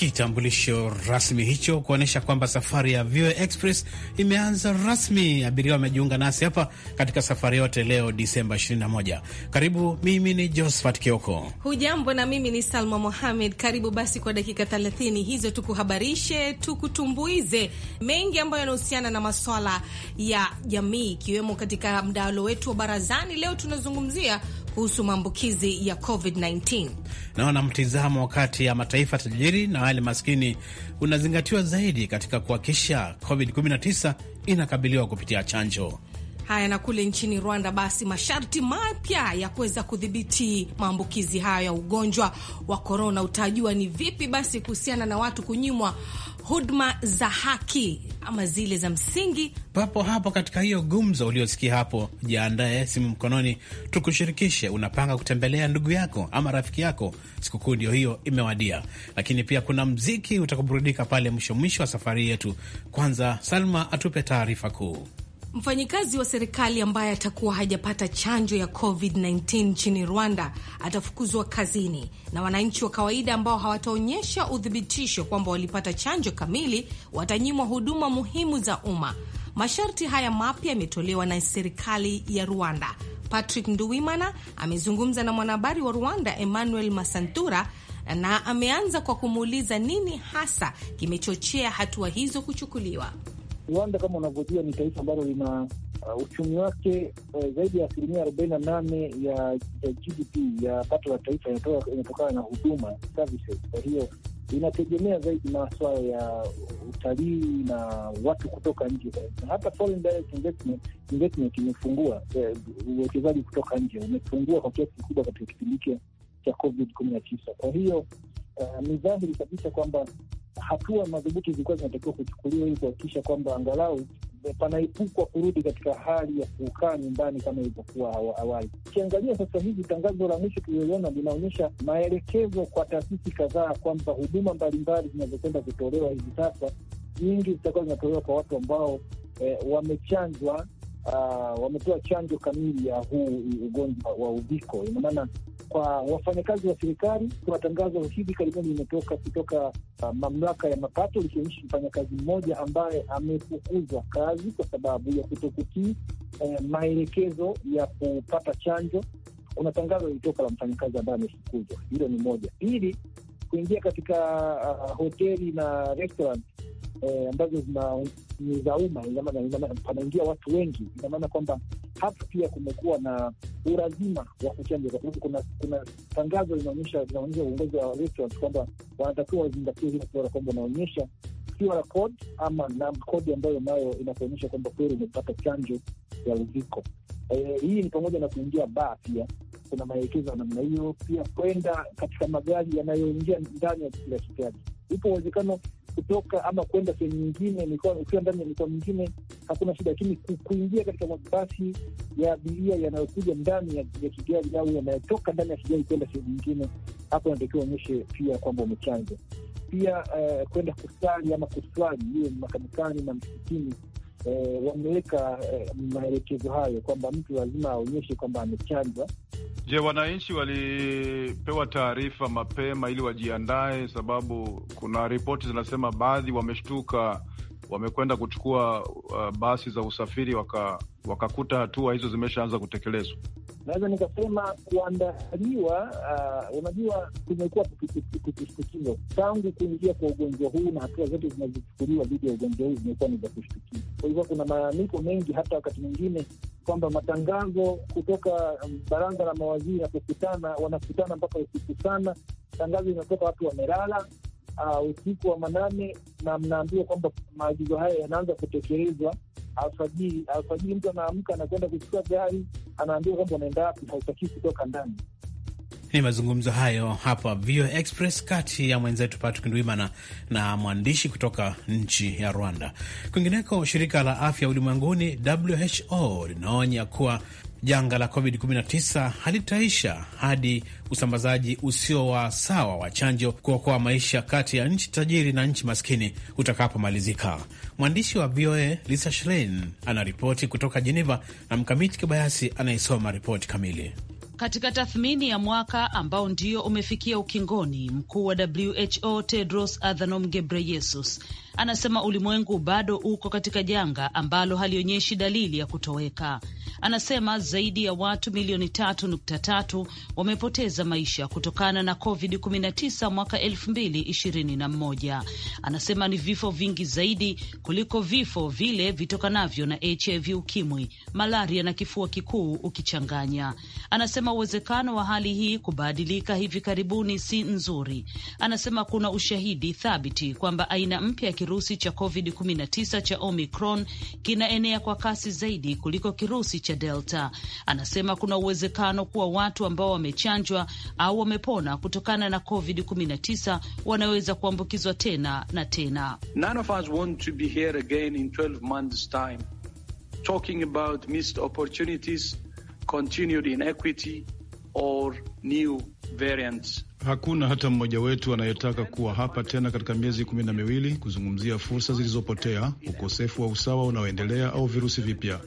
kitambulisho rasmi hicho kuonyesha kwamba safari ya VOA Express imeanza rasmi. Abiria wamejiunga nasi hapa katika safari yote leo Disemba 21. Karibu, mimi ni Josephat Kioko. Hujambo, na mimi ni Salma Mohamed. Karibu basi kwa dakika 30 hizo tukuhabarishe, tukutumbuize mengi ambayo yanahusiana na maswala ya jamii, ikiwemo katika mdahalo wetu wa barazani. Leo tunazungumzia kuhusu maambukizi ya COVID-19. Naona mtizamo kati ya mataifa tajiri na wale maskini unazingatiwa zaidi katika kuhakikisha COVID-19 inakabiliwa kupitia chanjo. Haya, na kule nchini Rwanda basi masharti mapya ya kuweza kudhibiti maambukizi hayo ya ugonjwa wa korona. Utajua ni vipi basi kuhusiana na watu kunyimwa huduma za haki ama zile za msingi. Papo hapo katika hiyo gumzo uliosikia hapo, jiandae, simu mkononi, tukushirikishe. Unapanga kutembelea ndugu yako ama rafiki yako, sikukuu ndio hiyo imewadia, lakini pia kuna mziki utakuburudika pale mwisho mwisho wa safari yetu. Kwanza Salma atupe taarifa kuu. Mfanyikazi wa serikali ambaye atakuwa hajapata chanjo ya COVID-19 nchini Rwanda atafukuzwa kazini, na wananchi wa kawaida ambao hawataonyesha uthibitisho kwamba walipata chanjo kamili watanyimwa huduma muhimu za umma. Masharti haya mapya yametolewa na serikali ya Rwanda. Patrick Nduwimana amezungumza na mwanahabari wa Rwanda Emmanuel Masantura na ameanza kwa kumuuliza nini hasa kimechochea hatua hizo kuchukuliwa. Rwanda kama unavyojua ni taifa ambalo lina uh, uchumi wake uh, zaidi ya asilimia arobaini na nane ya, ya GDP ya pato la taifa inatokana na huduma services. Kwa hiyo inategemea zaidi maswala ya utalii na watu kutoka nje zaidi. Hata foreign direct investment, investment imefungua uh, uwekezaji uh, kutoka nje umefungua kwa kiasi kikubwa katika kipindi cha COVID kumi na tisa. Kwa hiyo uh, ni dhahiri kabisa kwamba hatua madhubuti zilikuwa zinatakiwa kuchukuliwa ili kuhakikisha kwamba angalau panaepukwa kurudi katika hali ya kukaa nyumbani kama ilivyokuwa awali. Ukiangalia sasa hivi tangazo la mwisho tuliloliona linaonyesha maelekezo kwa taasisi kadhaa kwamba huduma mbalimbali zinazokwenda kutolewa hivi sasa nyingi zitakuwa zinatolewa kwa watu ambao eh, wamechanjwa uh, wametoa chanjo kamili ya huu ugonjwa wa uviko. Ina maana kwa wafanyakazi wa serikali, kuna tangazo hivi karibuni imetoka kutoka uh, mamlaka ya mapato likionyesha mfanyakazi mmoja ambaye amefukuzwa kazi kwa sababu ya kutokutii eh, maelekezo ya kupata chanjo. Kuna tangazo lilitoka la mfanyakazi ambaye amefukuzwa. Hilo ni moja. Pili, kuingia katika uh, hoteli na restaurant eh, ambazo ni za umma, panaingia watu wengi. Ina maana kwamba hapa pia kumekuwa na urazima wa kuchanja, kwa sababu kuna kuna tangazo linaonyesha linaonyesha uongozi wa restaurant kwamba wanatakiwa wazingatie hilo suala, kwamba wanaonyesha QR code ama na kodi ambayo nayo inakuonyesha kwamba kweli umepata chanjo ya uviko. Eh, hii ni pamoja na kuingia baa pia kuna maelekezo ya namna hiyo, pia kwenda katika magari yanayoingia ndani ya kila kitaji. Ipo uwezekano kutoka ama kwenda sehemu nyingine, ukiwa ndani ya mikoa mingine hakuna shida, lakini kuingia katika mabasi ya abiria yanayokuja ndani ya, ya Kigali au yanayotoka ndani ya Kigali kwenda sehemu nyingine, hapo inatakiwa uonyeshe pia kwamba umechanja. Pia uh, kwenda kusali ama kuswali, iwe makanisani na msikitini uh, wameweka uh, maelekezo hayo kwamba mtu lazima aonyeshe kwamba amechanjwa Je, wananchi walipewa taarifa mapema ili wajiandae? Sababu kuna ripoti zinasema baadhi wameshtuka, wamekwenda kuchukua uh, basi za usafiri wakakuta waka hatua hizo zimeshaanza kutekelezwa naweza nikasema kuandaliwa. Uh, unajua tumekuwa kukushtukiza tangu kuingia kwa ugonjwa huu, na hatua zote zinazochukuliwa dhidi ya ugonjwa huu zimekuwa ni za kushtukiza. Kwa hivyo kuna maamiko mengi, hata wakati mwingine kwamba matangazo kutoka um, baraza la mawaziri inapokutana, wanakutana mpaka usiku sana, tangazo inatoka, watu wamelala uh, usiku uh, wa manane, na mnaambiwa kwamba maagizo haya yanaanza kutekelezwa alfajiri. Alfajiri mtu anaamka anakwenda kuchukua gari, anaambiwa kwamba unaenda wapi, hautakii kutoka ndani. Ni mazungumzo hayo hapa VOA Express kati ya mwenzetu Patrick Ndwimana na mwandishi kutoka nchi ya Rwanda. Kwingineko, shirika la afya ulimwenguni WHO linaonya kuwa janga la COVID-19 halitaisha hadi usambazaji usio wa sawa wa chanjo kuokoa maisha kati ya nchi tajiri na nchi maskini utakapomalizika. Mwandishi wa VOA Lisa Schlein anaripoti kutoka Jeneva na Mkamiti Kibayasi anayesoma ripoti kamili. Katika tathmini ya mwaka ambao ndio umefikia ukingoni, mkuu wa WHO Tedros Adhanom Ghebreyesus Anasema ulimwengu bado uko katika janga ambalo halionyeshi dalili ya kutoweka. Anasema zaidi ya watu milioni 33 wamepoteza maisha kutokana na COVID-19 mwaka 2021. Anasema ni vifo vingi zaidi kuliko vifo vile vitokanavyo na HIV, ukimwi, malaria na kifua kikuu ukichanganya. Anasema uwezekano wa hali hii kubadilika hivi karibuni si nzuri. Anasema kuna ushahidi thabiti kwamba aina mpya ya kirusi cha COVID-19 cha Omicron kinaenea kwa kasi zaidi kuliko kirusi cha Delta. Anasema kuna uwezekano kuwa watu ambao wamechanjwa au wamepona kutokana na COVID-19 wanaweza kuambukizwa tena na tena. None of us want to be here again in 12 months time talking about missed opportunities, continued inequity or new variants. Hakuna hata mmoja wetu anayetaka kuwa hapa tena katika miezi kumi na miwili kuzungumzia fursa zilizopotea, ukosefu wa usawa unaoendelea au virusi vipya.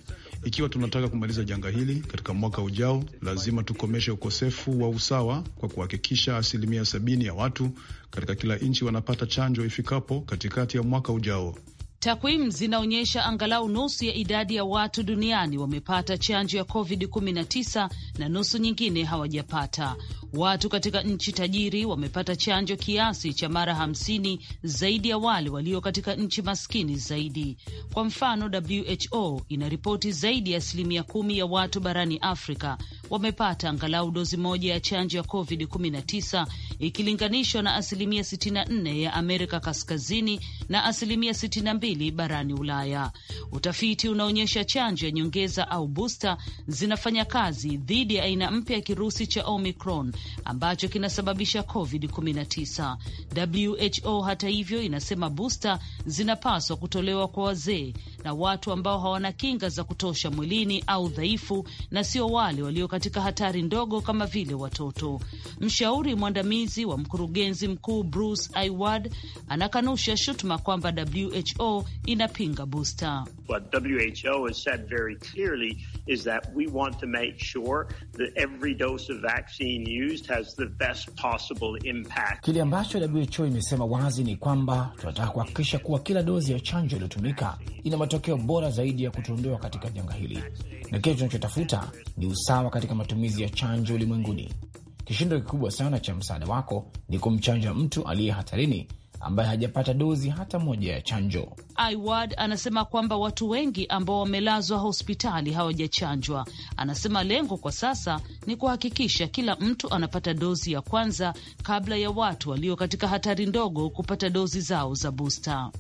Ikiwa tunataka kumaliza janga hili katika mwaka ujao, lazima tukomeshe ukosefu wa usawa kwa kuhakikisha asilimia sabini ya watu katika kila nchi wanapata chanjo ifikapo katikati ya mwaka ujao. Takwimu zinaonyesha angalau nusu ya idadi ya watu duniani wamepata chanjo ya COVID-19 na nusu nyingine hawajapata. Watu katika nchi tajiri wamepata chanjo kiasi cha mara 50 zaidi ya wale walio katika nchi maskini zaidi. Kwa mfano, WHO inaripoti zaidi ya asilimia kumi ya watu barani Afrika wamepata angalau dozi moja ya chanjo ya COVID-19 ikilinganishwa na asilimia 64 ya Amerika Kaskazini na asilimia 62 mbili barani Ulaya. Utafiti unaonyesha chanjo ya nyongeza au busta zinafanya kazi dhidi ya aina mpya ya kirusi cha Omicron ambacho kinasababisha COVID-19. WHO hata hivyo inasema busta zinapaswa kutolewa kwa wazee na watu ambao hawana kinga za kutosha mwilini au dhaifu, na sio wale walio katika hatari ndogo kama vile watoto. Mshauri mwandamizi wa mkurugenzi mkuu Bruce iward anakanusha shutuma kwamba WHO WHO inapinga busta. Kile ambacho WHO imesema wazi ni kwamba tunataka kuhakikisha kuwa kila dozi ya chanjo iliyotumika ina matokeo bora zaidi ya kutuondoa katika janga hili, na kile tunachotafuta ni usawa katika matumizi ya chanjo ulimwenguni. Kishindo kikubwa sana cha msaada wako ni kumchanja mtu aliye hatarini ambaye hajapata dozi hata moja ya chanjo. Iward anasema kwamba watu wengi ambao wamelazwa hospitali hawajachanjwa. Anasema lengo kwa sasa ni kuhakikisha kila mtu anapata dozi ya kwanza kabla ya watu walio katika hatari ndogo kupata dozi zao za busta.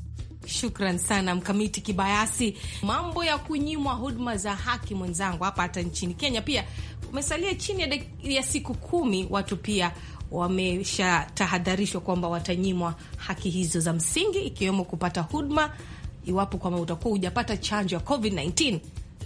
Shukran sana Mkamiti Kibayasi. Mambo ya kunyimwa huduma za haki, mwenzangu, hapa hata nchini Kenya pia umesalia chini ya, ya siku kumi, watu pia wameshatahadharishwa kwamba watanyimwa haki hizo za msingi, ikiwemo kupata huduma iwapo kwamba utakuwa hujapata chanjo ya COVID-19.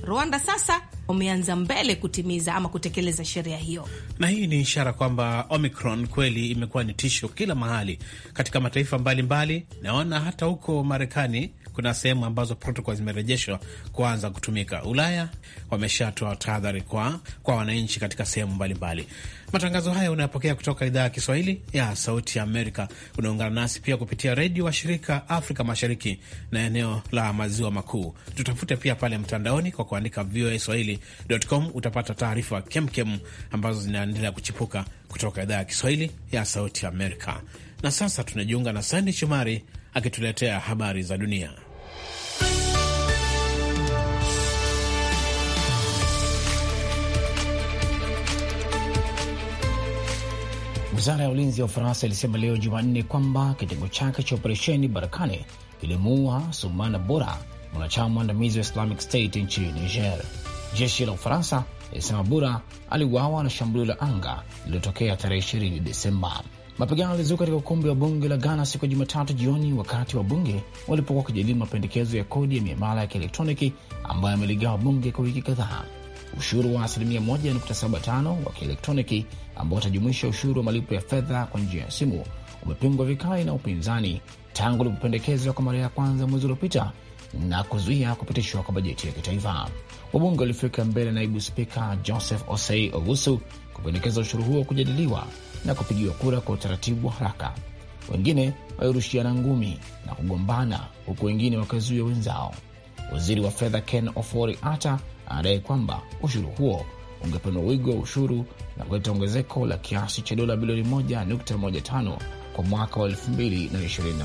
Rwanda sasa wameanza mbele kutimiza ama kutekeleza sheria hiyo, na hii ni ishara kwamba Omicron kweli imekuwa ni tisho kila mahali katika mataifa mbalimbali. Naona hata huko Marekani kuna sehemu ambazo protokol zimerejeshwa kuanza kutumika. Ulaya wameshatoa tahadhari kwa, kwa wananchi katika sehemu mbalimbali. Matangazo haya unayopokea kutoka idhaa ya Kiswahili ya Sauti ya Amerika. Unaungana nasi pia kupitia redio wa shirika Afrika Mashariki na eneo la Maziwa Makuu. Tutafute pia pale mtandaoni kwa kuandika VOA Swahili.com, utapata taarifa kemkem ambazo zinaendelea kuchipuka kutoka idhaa ya Kiswahili ya Sauti ya Amerika. Na sasa tunajiunga na Sandi Shomari akituletea habari za dunia. Wizara ya ulinzi ya Ufaransa ilisema leo Jumanne kwamba kitengo chake cha operesheni Barakani kilimuua Sumana Bura, mwanachama mwandamizi wa Islamic State nchini Niger. Jeshi la Ufaransa ilisema Bura aliuawa na shambulio la anga lililotokea tarehe 20 Desemba. Mapigano yalizuka katika ukumbi wa bunge la Ghana siku ya Jumatatu jioni wakati wa bunge walipokuwa wakijadili mapendekezo ya kodi ya miamala ya kielektroniki ambayo yameligawa bunge kwa wiki kadhaa ushuru wa asilimia 1.75 wa kielektroniki ambao utajumuisha ushuru wa malipo ya fedha kwa njia ya simu umepingwa vikali na upinzani tangu ulipopendekezwa kwa mara ya kwanza mwezi uliopita na kuzuia kupitishwa kwa bajeti ya kitaifa. Wabunge walifika mbele naibu spika Joseph Osei Ogusu kupendekeza ushuru huo kujadiliwa na kupigiwa kura kwa utaratibu wa haraka. Wengine walirushiana ngumi na kugombana, huku wengine wakazuia wenzao. Waziri wa fedha Ken Ofori Ata anadai kwamba ushuru huo ungepanua wigo wa ushuru na kuleta ongezeko la kiasi cha dola bilioni 1.15 kwa mwaka wa 2022.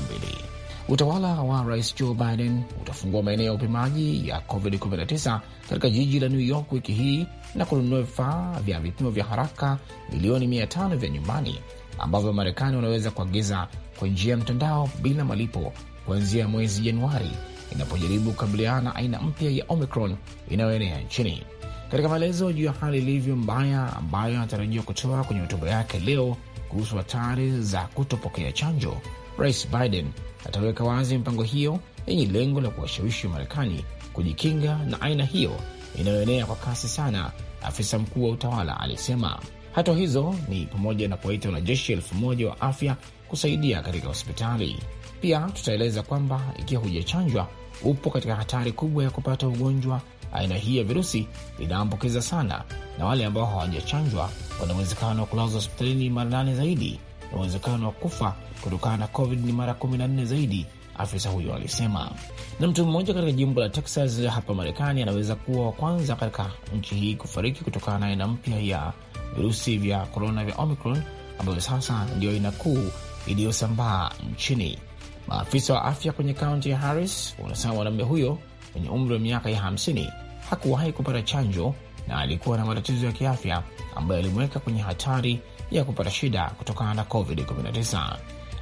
Utawala wa rais Joe Biden utafungua maeneo ya upimaji ya COVID-19 katika jiji la New York wiki hii na kununua vifaa vya vipimo vya haraka milioni 500 vya nyumbani ambavyo Wamarekani wanaweza kuagiza kwa njia ya mtandao bila malipo kuanzia mwezi Januari inapojaribu kukabiliana na aina mpya ya Omicron inayoenea nchini. Katika maelezo juu ya hali ilivyo mbaya ambayo anatarajiwa kutoa kwenye hotuba yake leo kuhusu hatari za kutopokea chanjo, Rais Biden ataweka wazi mipango hiyo yenye lengo la kuwashawishi Marekani kujikinga na aina hiyo inayoenea kwa kasi sana, afisa mkuu wa utawala alisema. Hatua hizo ni pamoja na kuwaita wanajeshi elfu moja wa afya kusaidia katika hospitali. Pia tutaeleza kwamba ikiwa hujachanjwa upo katika hatari kubwa ya kupata ugonjwa. Aina hii ya virusi inaambukiza sana, na wale ambao hawajachanjwa wana uwezekano wa kulazwa hospitalini mara nane zaidi na uwezekano wa kufa kutokana na COVID ni mara kumi na nne zaidi, afisa huyo alisema. Na mtu mmoja katika jimbo la Texas hapa Marekani anaweza kuwa wa kwanza katika nchi hii kufariki kutokana na aina mpya ya virusi vya korona vya Omicron, ambayo sasa ndiyo aina kuu iliyosambaa nchini. Maafisa wa afya kwenye kaunti ya Harris wanasema mwanamume huyo mwenye umri wa miaka ya 50 hakuwahi kupata chanjo na alikuwa na matatizo ya kiafya ambayo alimweka kwenye hatari ya kupata shida kutokana na COVID-19.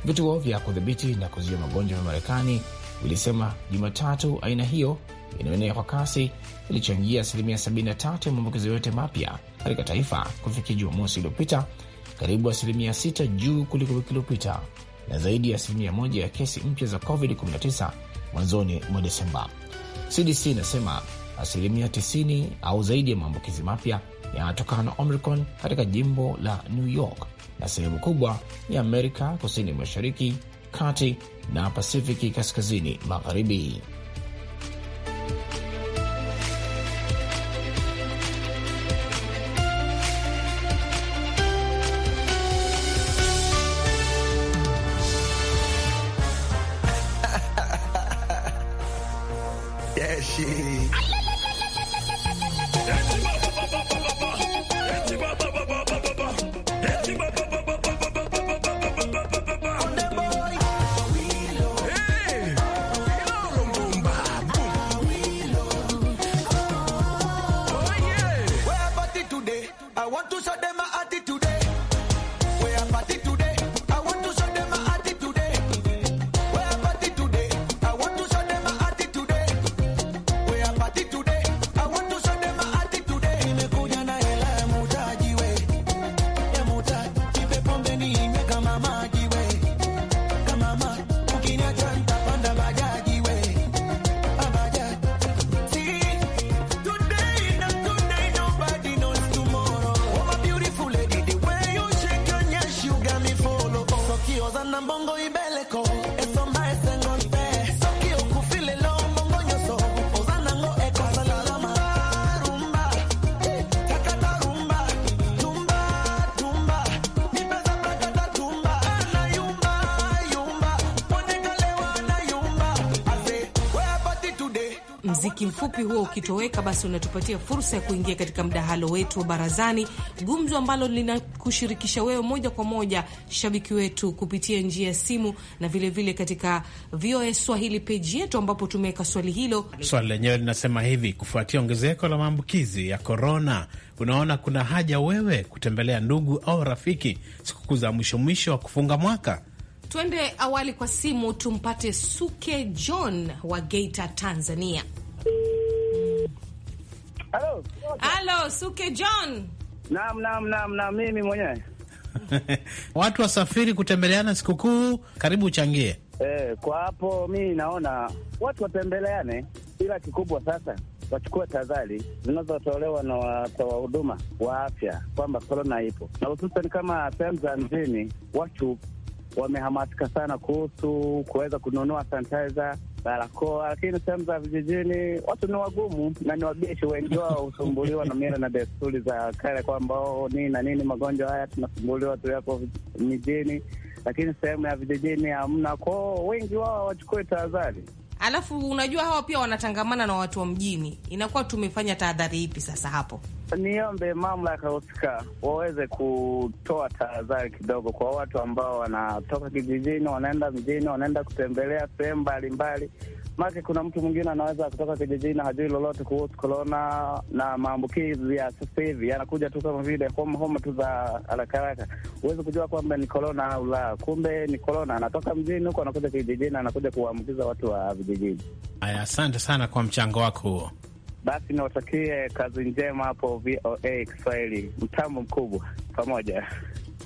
Vituo vya kudhibiti na kuzuia magonjwa vya Marekani vilisema Jumatatu aina hiyo inaenea kwa kasi ilichangia asilimia 73 ya maambukizo yote mapya katika taifa kufikia Jumamosi iliyopita, karibu asilimia 6 juu kuliko wiki iliyopita na zaidi ya asilimia moja ya kesi mpya za COVID-19 mwanzoni mwa Desemba. CDC inasema asilimia 90 au zaidi ya maambukizi mapya yanatokana na Omicron katika jimbo la New York na sehemu kubwa ni Amerika kusini mashariki, kati na Pasifiki kaskazini magharibi. want to search mfupi huo ukitoweka, basi unatupatia fursa ya kuingia katika mdahalo wetu wa barazani, gumzo ambalo linakushirikisha wewe moja kwa moja, shabiki wetu, kupitia njia ya simu na vilevile vile katika VOA Swahili peji yetu, ambapo tumeweka swali hilo. Swali lenyewe linasema hivi: kufuatia ongezeko la maambukizi ya korona, unaona kuna haja wewe kutembelea ndugu au rafiki sikukuu za mwisho mwisho wa kufunga mwaka? Tuende awali kwa simu tumpate Suke John wa Geita, Tanzania. Halo. Halo, Suke John. Naam, naam, naam, naam, mimi mwenyewe. Watu wasafiri kutembeleana sikukuu, karibu uchangie. Eh, kwa hapo mi naona watu watembeleane, ila kikubwa sasa wachukue tahadhari zinazotolewa na watoa huduma wa afya kwamba korona ipo, na hususani kama sehemu za mjini watu wamehamasika sana kuhusu kuweza kununua sanitizer, barakoa, lakini sehemu za vijijini watu ni wagumu na ni wabishi. Wengi wao husumbuliwa na mila na desturi za kale kwamba oh, nini na nini, magonjwa haya tunasumbuliwa tu yako mijini, lakini sehemu ya vijijini hamna kwao, wengi wao wachukue tahadhari. Alafu unajua hawa pia wanatangamana na watu wa mjini, inakuwa tumefanya tahadhari ipi sasa hapo? Niombe mamlaka husika waweze kutoa tahadhari kidogo kwa watu ambao wanatoka kijijini, wanaenda mjini, wanaenda kutembelea sehemu mbalimbali maake kuna mtu mwingine anaweza kutoka kijijini na hajui lolote kuhusu korona na maambukizi ya sasa hivi, anakuja tu kama vile homa homa tu za haraka haraka, huwezi kujua kwamba ni korona au la, kumbe ni korona. Anatoka mjini huko anakuja kijijini, anakuja kuwaambukiza watu wa vijijini. Aya, asante sana kwa mchango wako huo. Basi niwatakie kazi njema hapo VOA Kiswahili, mtambo mkubwa pamoja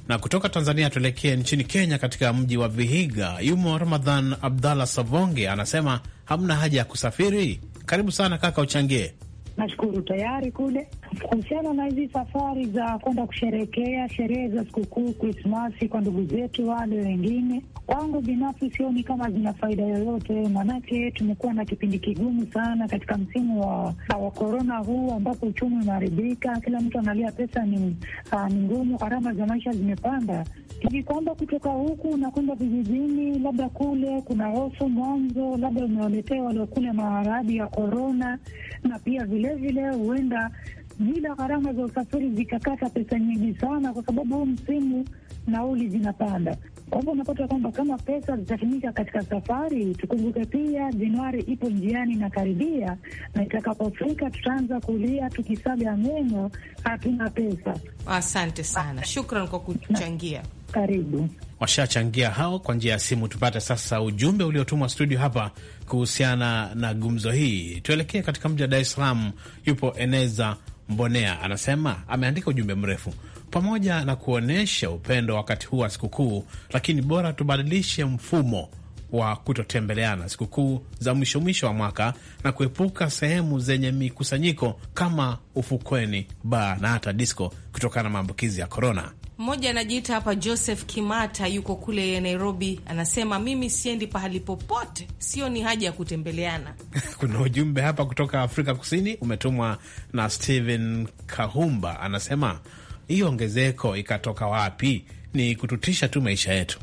na kutoka Tanzania tuelekee nchini Kenya, katika mji wa Vihiga yumo Ramadhan Abdallah Savonge, anasema hamna haja ya kusafiri. Karibu sana kaka, uchangie. Nashukuru, tayari kule Kuhusiana na hizi safari za kwenda kusherekea sherehe za sikukuu Krismasi kwa ndugu zetu wale wengine, kwangu binafsi sioni kama zina faida yoyote, maanake tumekuwa na kipindi kigumu sana katika msimu wa wa korona huu, ambapo uchumi unaharibika, kila mtu analia, pesa ni ngumu, gharama za maisha zimepanda hivi kwamba kutoka huku unakwenda vijijini, labda kule kuna hofu mwanzo, labda umewaletea waliokule maradhi ya korona, na pia vilevile huenda vile, bila gharama za usafiri zikakata pesa nyingi sana, kwa sababu huu msimu nauli zinapanda. Kwa hivyo unapata kwamba kama pesa zitatumika katika safari, tukumbuke pia Januari ipo njiani na karibia, na itakapofika tutaanza kulia tukisaga meno, hatuna pesa. Asante sana, shukran kwa kuchangia. Karibu washachangia hao kwa njia ya simu. Tupate sasa ujumbe uliotumwa studio hapa kuhusiana na gumzo hii. Tuelekee katika mji wa Dar es Salaam, yupo Eneza Mbonea anasema ameandika ujumbe mrefu pamoja na kuonyesha upendo wakati huu wa sikukuu, lakini bora tubadilishe mfumo wa kutotembeleana sikukuu za mwisho mwisho wa mwaka na kuepuka sehemu zenye mikusanyiko kama ufukweni, baa na hata disko kutokana na maambukizi ya korona. Mmoja anajiita hapa Joseph Kimata, yuko kule Nairobi, anasema mimi siendi pahali popote, sio ni haja ya kutembeleana. Kuna ujumbe hapa kutoka Afrika Kusini umetumwa na stehen Kahumba, anasema hiyo ongezeko ikatoka wapi? Ni kututisha tu maisha yetu.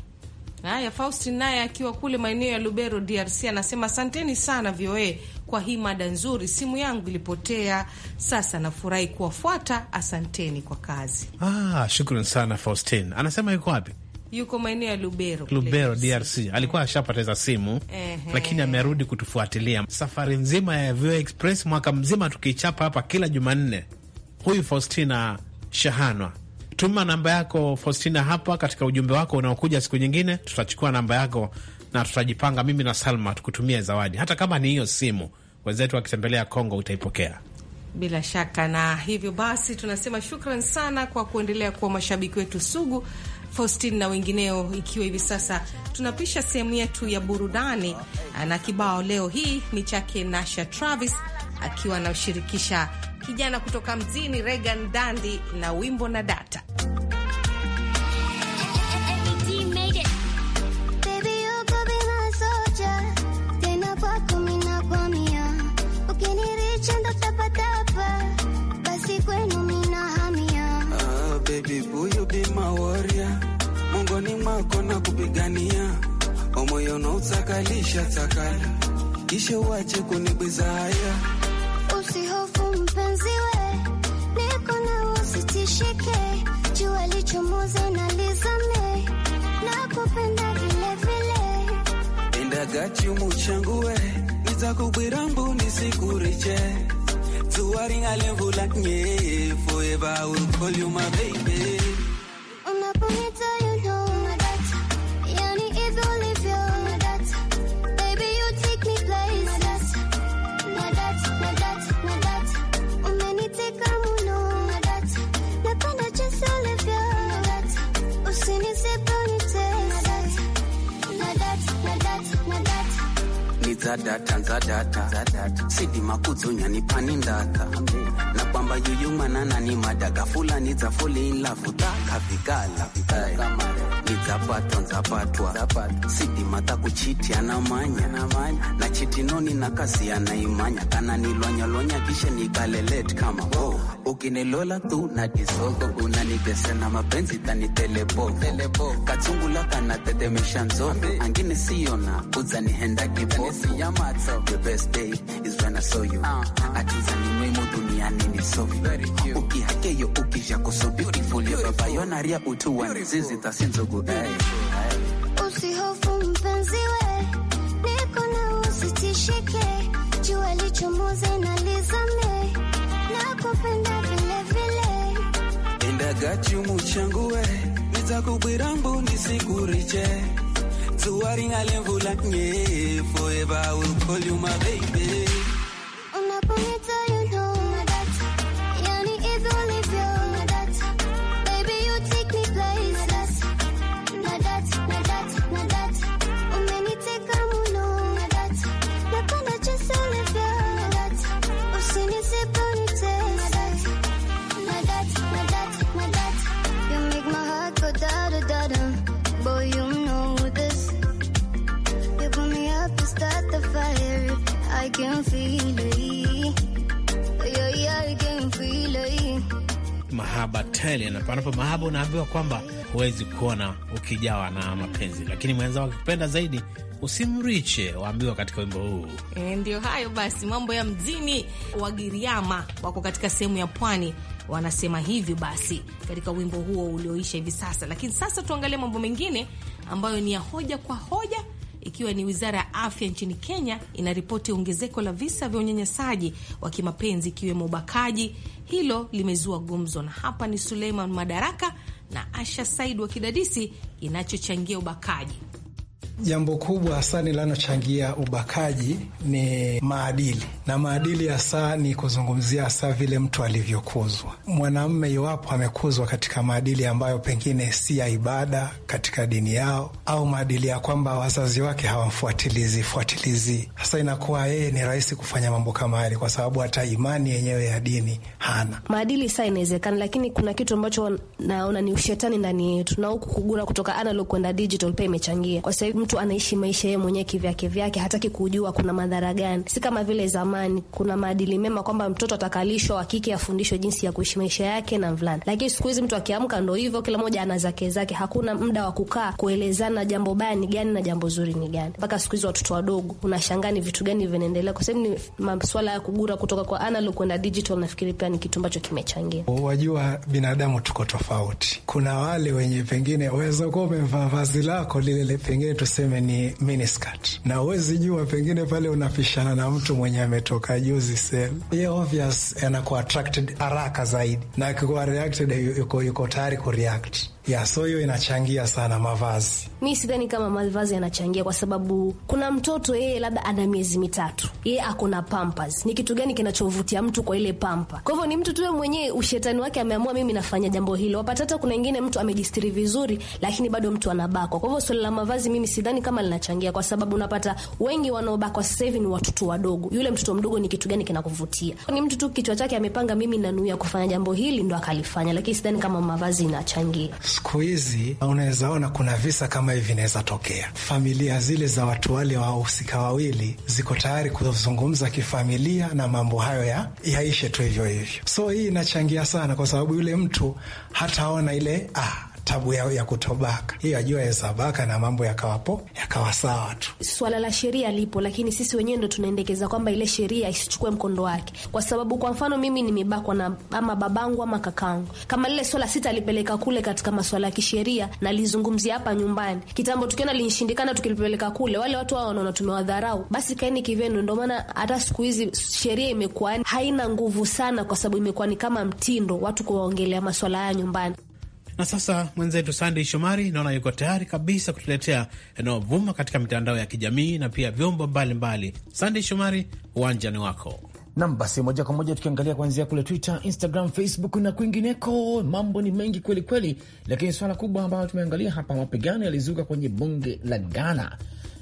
Haya, Faustin naye akiwa kule maeneo ya Lubero, DRC, anasema asanteni sana VOA kwa hii mada nzuri. Simu yangu ilipotea, sasa nafurahi kuwafuata. Asanteni kwa kazi. Ah, shukran sana Faustin. Anasema yuko wapi? Yuko maeneo ya Lubero, Lubero, DRC. Alikuwa eh. ashapoteza simu eh, lakini amerudi kutufuatilia safari nzima ya VOA Express, mwaka mzima tukiichapa hapa kila Jumanne. Huyu Faustina Shahanwa, tuma namba yako Faustina hapa katika ujumbe wako unaokuja siku nyingine, tutachukua namba yako na tutajipanga mimi na Salma tukutumia zawadi, hata kama ni hiyo simu wenzetu wakitembelea Kongo utaipokea bila shaka. Na hivyo basi tunasema shukran sana kwa kuendelea kuwa mashabiki wetu sugu Faustin na wengineo, ikiwa hivi sasa tunapisha sehemu yetu ya burudani na kibao leo hii ni chake Nasha Travis akiwa anashirikisha kijana kutoka mjini Regan Dandi na wimbo na data kutsakalisha tsakala, kisha uache kunibeza haya. Usihofu mpenzi we, niko na usitishike, jua lichomoze na lizame, nakupenda vilevile. Endaga chumu changu we, nizakubwira mbu nisikuriche tuwaringa lemvula nye forever I will call you my baby zadata sidi sidima kudzonya pani ndata ba yuyun manana ni madaka fulani za fuli in love utaka vikala ni zapato nzapatwa sidi mata kuchiti anamanya na chitinoni na kasi anaimanya kana lonya kisha nikalelet kama oh. Ukinilola tu na disoko disogo unanibese na mapenzi telepo telepo katungula kana tetemesha nzovu angine siona uzanihenda kibofu the best day is when I saw you uh-huh. ni atizanimwimu duniani niso Ukihakeyo ukija ko so beautiful. Ya baba yonaria utu wa nzizi tasinzo gudai. Eh. Usihofu mpenzi we, niko na usitishike. Jua lichomoze na lizame. Nakupenda vile vile. Enda gachu we, nitakubwira mbu nisikuriche. Tuwari nye, forever will call you my baby. na Batalion. Panapo mahaba unaambiwa kwamba huwezi kuona ukijawa na mapenzi, lakini mwenzao akipenda zaidi usimriche, waambiwa katika wimbo huu. E, ndio hayo basi, mambo ya mjini. wa giriama wako katika sehemu ya pwani wanasema hivyo basi katika wimbo huo ulioisha hivi sasa. Lakini sasa tuangalie mambo mengine ambayo ni ya hoja kwa hoja ikiwa ni wizara ya afya nchini Kenya inaripoti ongezeko la visa vya unyanyasaji wa kimapenzi ikiwemo ubakaji. Hilo limezua gumzo, na hapa ni Suleiman Madaraka na Asha Said wa kidadisi kinachochangia ubakaji. Jambo kubwa hasa linalochangia ubakaji ni maadili na maadili ya saa ni kuzungumzia saa vile mtu alivyokuzwa. Mwanamme iwapo amekuzwa katika maadili ambayo pengine si ya ibada katika dini yao, au maadili ya kwamba wazazi wake hawamfuatilizi fuatilizi, sasa inakuwa yeye ni rahisi kufanya mambo kama yale, kwa sababu hata imani yenyewe ya dini hana. Maadili saa inawezekana, lakini kuna kitu ambacho naona ni ushetani ndani yetu, na huku kugura kutoka analog kwenda digital pia imechangia, kwa sababu mtu anaishi maisha yeye mwenyewe kivyake vyake, hataki kujua kuna madhara gani, si kama vile zamani zamani kuna maadili mema kwamba mtoto atakalishwa wa kike afundishwe jinsi ya kuishi maisha yake na mvulana, lakini siku hizi mtu akiamka ndo hivyo, kila moja ana zake zake, hakuna muda wa kukaa kuelezana jambo baya ni gani na jambo zuri ni gani. Mpaka siku hizi watoto wadogo unashangaa ni vitu gani vinaendelea, kwa sababu ni masuala ya kugura kutoka kwa analog kwenda digital. Nafikiri pia ni kitu ambacho kimechangia. Wajua binadamu tuko tofauti, kuna wale wenye pengine waweza kuwa umevaa vazi lako lile pengine tuseme ni miniskirt, na uwezi jua pengine pale unapishana na mtu mwenye ame ametoka juzi sema ye obvious anakuwa attracted haraka zaidi, na akikuwa reacted yuko, yuko tayari kureact ya so hiyo inachangia sana mavazi. Mi sidhani kama mavazi yanachangia, kwa sababu kuna mtoto yeye labda ana miezi mitatu, yeye ako na pampas. Ni kitu gani kinachovutia mtu kwa ile pampa? Kwa hivyo ni mtu tuwe mwenyewe, ushetani wake ameamua, mimi nafanya jambo hilo. Wapata hata kuna ingine mtu amejistiri vizuri, lakini bado mtu anabakwa. Kwa hivyo swala la mavazi mimi sidhani kama linachangia, kwa sababu unapata wengi wanaobakwa sasa hivi ni watoto wadogo. Yule mtoto mdogo, ni kitu gani kinakuvutia? Ni mtu tu kichwa chake amepanga, mimi nanuia kufanya jambo hili, ndo akalifanya, lakini sidhani kama mavazi inachangia siku hizi unaweza ona kuna visa kama hivi vinaweza tokea. Familia zile za watu wale wahusika wawili ziko tayari kuzungumza kifamilia na mambo hayo ya yaishe tu hivyo hivyo, so hii inachangia sana, kwa sababu yule mtu hataona ile ah, tabu yao ya kutobaka, hiyo ajua hesabaka na mambo yakawapo yakawa sawa tu. Swala la sheria lipo, lakini sisi wenyewe ndo tunaendekeza kwamba ile sheria isichukue mkondo wake, kwa sababu kwa mfano mimi nimebakwa na ama babangu ama kakangu, kama lile swala sitalipeleka kule katika maswala ya kisheria, na nalizungumzia hapa nyumbani kitambo, tukiona linishindikana, tukilipeleka kule, wale watu wao wanaona tumewadharau, basi kaeni kivenu. Ndo maana hata siku hizi sheria imekuwa haina nguvu sana, kwa sababu imekuwa ni kama mtindo watu kuwaongelea maswala haya nyumbani. Na sasa mwenzetu Sandey Shomari naona yuko tayari kabisa kutuletea yanayovuma katika mitandao ya kijamii na pia vyombo mbalimbali. Sandey Shomari, uwanja ni wako. Nam, basi moja kwa moja tukiangalia kuanzia kule Twitter, Instagram, Facebook na kwingineko, mambo ni mengi kweli kweli, lakini swala kubwa ambayo tumeangalia hapa, mapigano yalizuka kwenye bunge la Ghana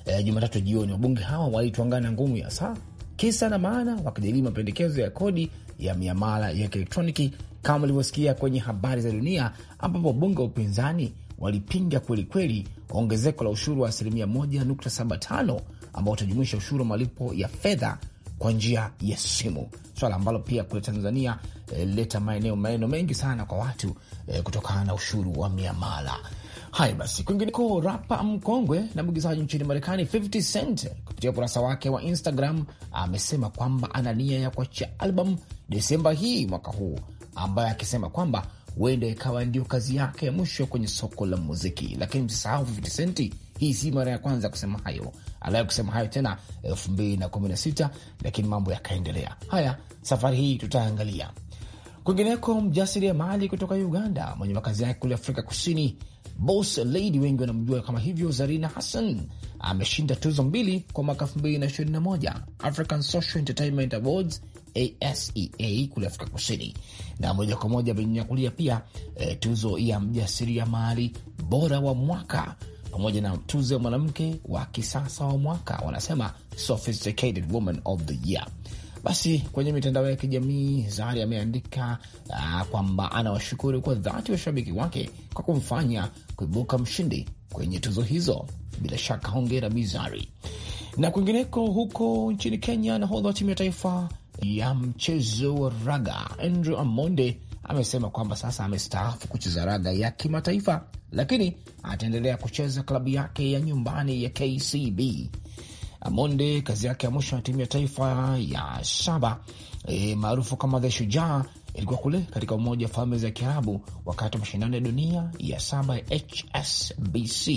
e, Jumatatu jioni. Wabunge hawa walitwangana ngumu ya saa Kisa na maana wakijadili mapendekezo ya kodi ya miamala ya kielektroniki kama ulivyosikia kwenye habari za dunia, ambapo wabunge wa upinzani walipinga kwelikweli ongezeko la ushuru wa asilimia 1.75 ambao utajumuisha ushuru wa malipo ya fedha kwa njia ya simu, swala ambalo pia kule Tanzania eh, lileta maeneo maneno mengi sana kwa watu eh, kutokana na ushuru wa miamala. Haya basi, kwingineko, rapa mkongwe na mwigizaji nchini Marekani 50 Cent kupitia ukurasa wake wa Instagram amesema kwamba ana nia ya kuachia albamu Desemba hii mwaka huu, ambayo akisema kwamba huenda ikawa ndio kazi yake ya mwisho kwenye soko la muziki. Lakini msisahau 50 Cent, hii si mara ya kwanza kusema hayo. Aliwahi kusema hayo tena 2016 lakini mambo yakaendelea. Haya, safari hii tutaangalia kwingineko. Mjasiriamali kutoka Uganda mwenye makazi yake kule Afrika Kusini Boss Lady, wengi wanamjua kama hivyo, Zarina Hassan ameshinda tuzo mbili kwa mwaka 2021 African Social Entertainment Awards ASEA e kule Afrika Kusini, na moja kwa moja amenyakulia pia e, tuzo ya mjasiriamali bora wa mwaka pamoja na tuzo ya mwanamke wa kisasa wa mwaka, wanasema sophisticated woman of the year. Basi kwenye mitandao ya kijamii Zari ameandika ah, kwamba anawashukuru kwa dhati washabiki wake kwa kumfanya kuibuka mshindi kwenye tuzo hizo. Bila shaka hongera Mizari. Na kwingineko huko nchini Kenya, nahodha wa timu ya taifa ya mchezo wa raga Andrew Amonde amesema kwamba sasa amestaafu kucheza raga ya kimataifa, lakini ataendelea kucheza klabu yake ya nyumbani ya KCB. Amonde kazi yake ya mwisho na timu ya taifa ya Shaba e, maarufu kama The Shujaa ilikuwa kule katika Umoja wa Falme za Kiarabu wakati wa mashindano ya dunia ya saba ya HSBC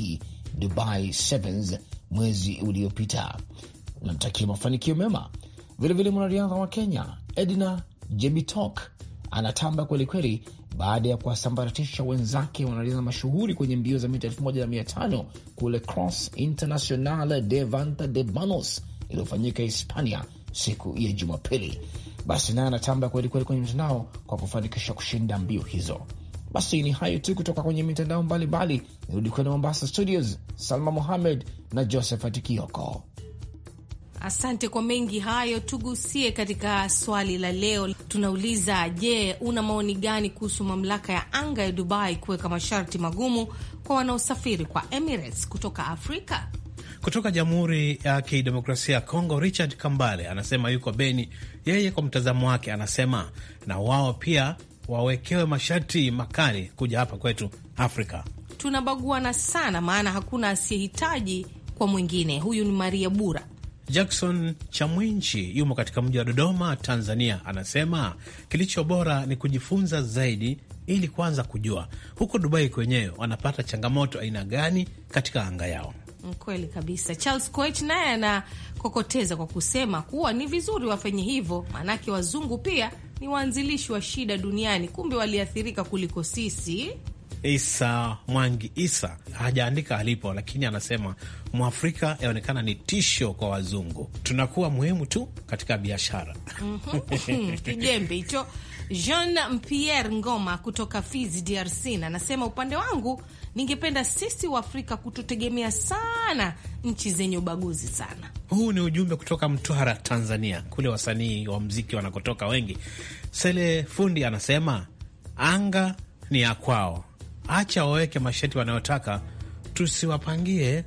Dubai Sevens mwezi uliopita. Namtakia mafanikio mema. Vilevile, mwanariadha wa Kenya Edna Jebitok anatamba kwelikweli baada ya kuwasambaratisha wenzake wanariadha mashuhuri kwenye mbio za mita 15 kule Cross International de Vanta de Banos iliyofanyika Hispania siku ya Jumapili. Basi naye anatamba kwelikweli kwenye mitandao kwa kufanikisha kushinda mbio hizo. Basi ni hayo tu kutoka kwenye mitandao mbalimbali. Nirudi kwenda Mombasa studios, Salma Mohamed na Josephat Kioko. Asante kwa mengi hayo, tugusie katika swali la leo tunauliza je, una maoni gani kuhusu mamlaka ya anga ya Dubai kuweka masharti magumu kwa wanaosafiri kwa Emirates kutoka Afrika? Kutoka Jamhuri ya Kidemokrasia ya Kongo, Richard Kambale anasema yuko Beni. Yeye kwa mtazamo wake anasema na wao pia wawekewe masharti makali kuja hapa kwetu Afrika. Tunabaguana sana, maana hakuna asiyehitaji kwa mwingine. Huyu ni Maria Bura Jackson Chamwinchi yumo katika mji wa Dodoma, Tanzania, anasema kilicho bora ni kujifunza zaidi ili kuanza kujua huko Dubai kwenyewe wanapata changamoto aina gani katika anga yao. Kweli kabisa. Charles Koech naye anakokoteza kwa kusema kuwa ni vizuri wafanye hivyo, maanake wazungu pia ni waanzilishi wa shida duniani, kumbe waliathirika kuliko sisi. Isa Mwangi Isa hajaandika alipo, lakini anasema mwafrika yaonekana ni tisho kwa wazungu, tunakuwa muhimu tu katika biashara. Mhm. Kijembe hicho. Jean Pierre Ngoma kutoka Fizi, DRC anasema upande wangu ningependa sisi Afrika kututegemea sana nchi zenye ubaguzi sana. Huu ni ujumbe kutoka Mtwara, Tanzania, kule wasanii wa mziki wanakotoka wengi. Sele Fundi anasema anga ni ya kwao acha waweke masharti wanayotaka, tusiwapangie.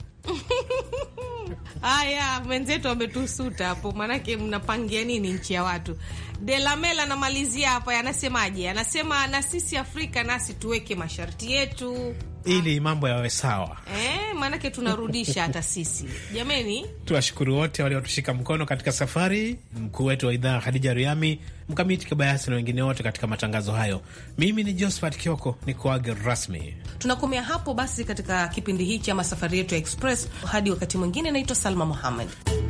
Haya, mwenzetu ametusuta hapo, maanake mnapangia nini nchi ya watu? Delamel anamalizia hapa, anasemaje? Anasema na sisi Afrika nasi tuweke masharti yetu ili mambo yawe sawa eh, maanake tunarudisha hata sisi jameni. Tuwashukuru wote waliotushika mkono katika safari, mkuu wetu wa idhaa Khadija Riami, Mkamiti Kibayasi na wengine wote katika matangazo hayo. Mimi ni Josephat Kioko ni kuage rasmi, tunakomea hapo basi katika kipindi hichi ama safari yetu ya Express. Hadi wakati mwingine, naitwa Salma Mohamed.